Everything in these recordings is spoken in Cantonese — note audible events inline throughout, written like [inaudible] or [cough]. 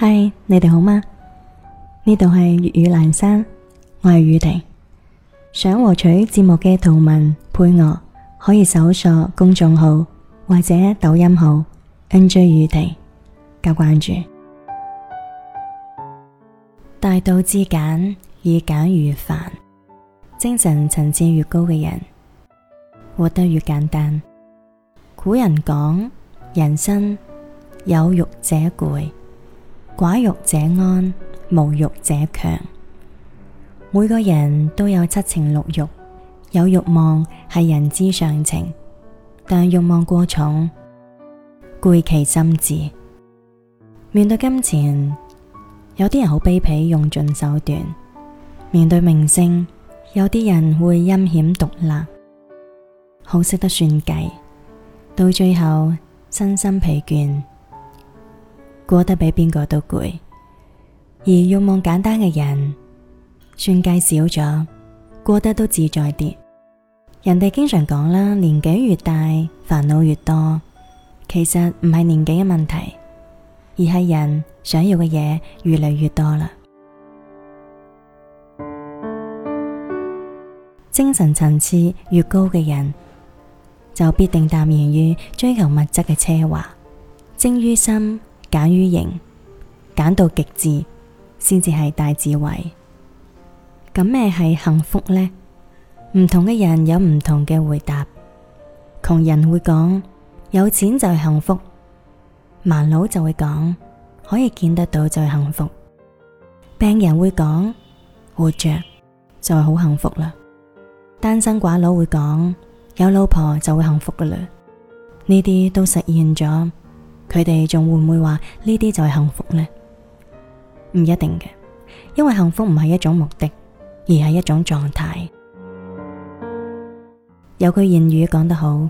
嗨，Hi, 你哋好嗎？呢度係粵語闌珊，我係宇婷。想獲取節目嘅圖文配樂，可以搜索公眾號或者抖音號 NJ 宇婷加關注。大道至簡，以簡馭繁。精神層次越高嘅人，活得越簡單。古人講：人生有欲者攰。寡欲者安，無欲者強。每個人都有七情六欲，有欲望係人之常情，但欲望過重，攰其心志。面對金錢，有啲人好卑鄙，用盡手段；面對名聲，有啲人會陰險毒辣，好識得算計，到最後身心疲倦。過得比邊個都攰，而欲望簡單嘅人，算計少咗，過得都自在啲。人哋經常講啦，年紀越大，煩惱越多。其實唔係年紀嘅問題，而係人想要嘅嘢越嚟越多啦。精神層次越高嘅人，就必定淡然於追求物質嘅奢華，精於心。簡於形，簡到極致，先至係大智慧。咁咩係幸福呢？唔同嘅人有唔同嘅回答。窮人會講，有錢就係幸福，盲佬就會講，可以見得到就係幸福。病人會講活着就係、是、好幸福啦。單身寡佬會講，有老婆就會幸福噶啦。呢啲都實現咗。佢哋仲會唔會話呢啲就係幸福呢？唔一定嘅，因為幸福唔係一種目的，而係一種狀態。有句諺語講得好：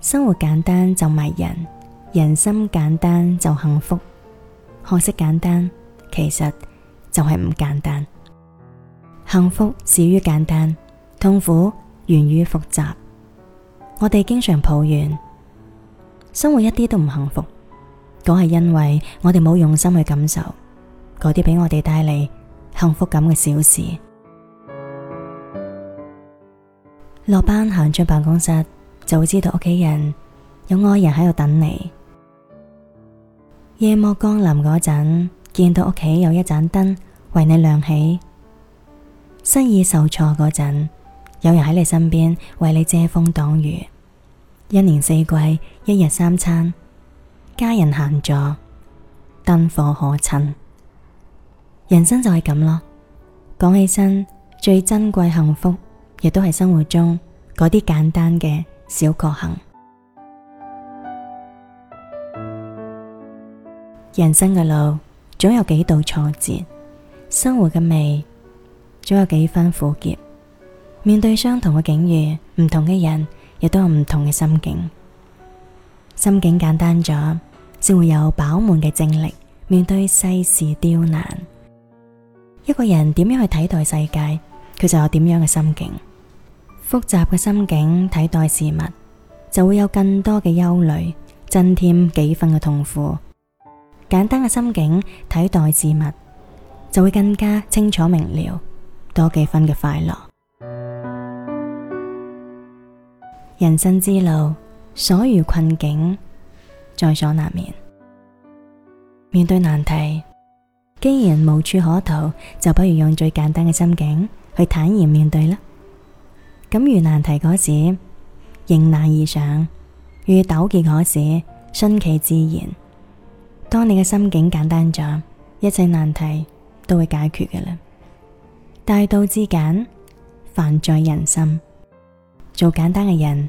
生活簡單就迷人，人心簡單就幸福。學識簡單其實就係唔簡單。幸福始於簡單，痛苦源於複雜。我哋經常抱怨，生活一啲都唔幸福。嗰係因為我哋冇用心去感受嗰啲俾我哋帶嚟幸福感嘅小事。 [music] 落班行出辦公室，就會知道屋企人有愛人喺度等你。夜幕降臨嗰陣，見到屋企有一盞燈為你亮起。失意受挫嗰陣，有人喺你身邊為你遮風擋雨。一年四季，一日三餐。家人閒坐，燈火可親。人生就係咁咯，講起身最珍貴幸福，亦都係生活中嗰啲簡單嘅小確幸。 [music] 人生嘅路總有幾度挫折，生活嘅味總有幾分苦澀。面對相同嘅境遇，唔同嘅人亦都有唔同嘅心境。心境簡單咗，先會有飽滿嘅精力，面對世事刁難。一個人點樣去睇待世界，佢就有點樣嘅心境。複雜嘅心境睇待事物，就會有更多嘅憂慮，增添幾分嘅痛苦。簡單嘅心境睇待事物，就會更加清楚明了，多幾分嘅快樂。人生之路，所遇困境，在所難免，面對難題，既然無處可逃，就不如用最簡單嘅心境去坦然面對啦。咁遇難題嗰時，迎難而上；遇糾結嗰時，順其自然。當你嘅心境簡單咗，一切難題都會解決嘅啦。大道至簡，凡在人心。做簡單嘅人。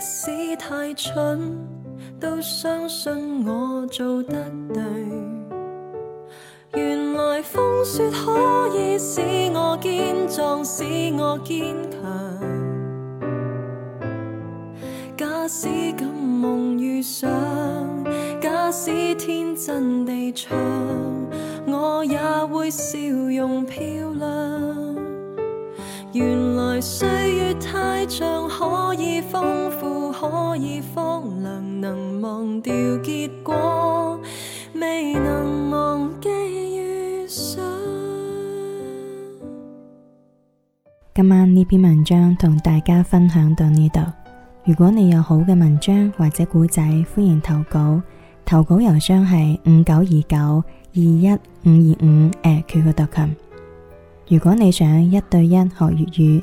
即使太蠢，都相信我做得對。原來風雪可以使我堅壯，使我堅強。假使敢夢與想，假使天真地唱，我也會笑容漂亮。原今晚呢篇文章同大家分享到呢度。如果你有好嘅文章或者古仔，歡迎投稿。投稿郵箱係五九二九二一五二五。誒，QQ 特勤。如果你想一對一學粵語。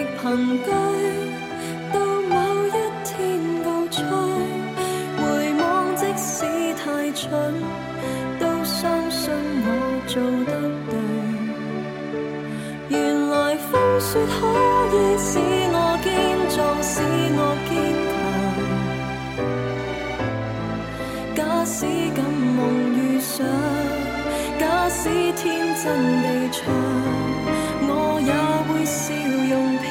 [music] 行居到某一天告吹，回望即使太蠢，都相信我做得對。原來風雪可以使我堅壯，使我堅強。假使敢夢與想，假使天真地唱，我也會笑容。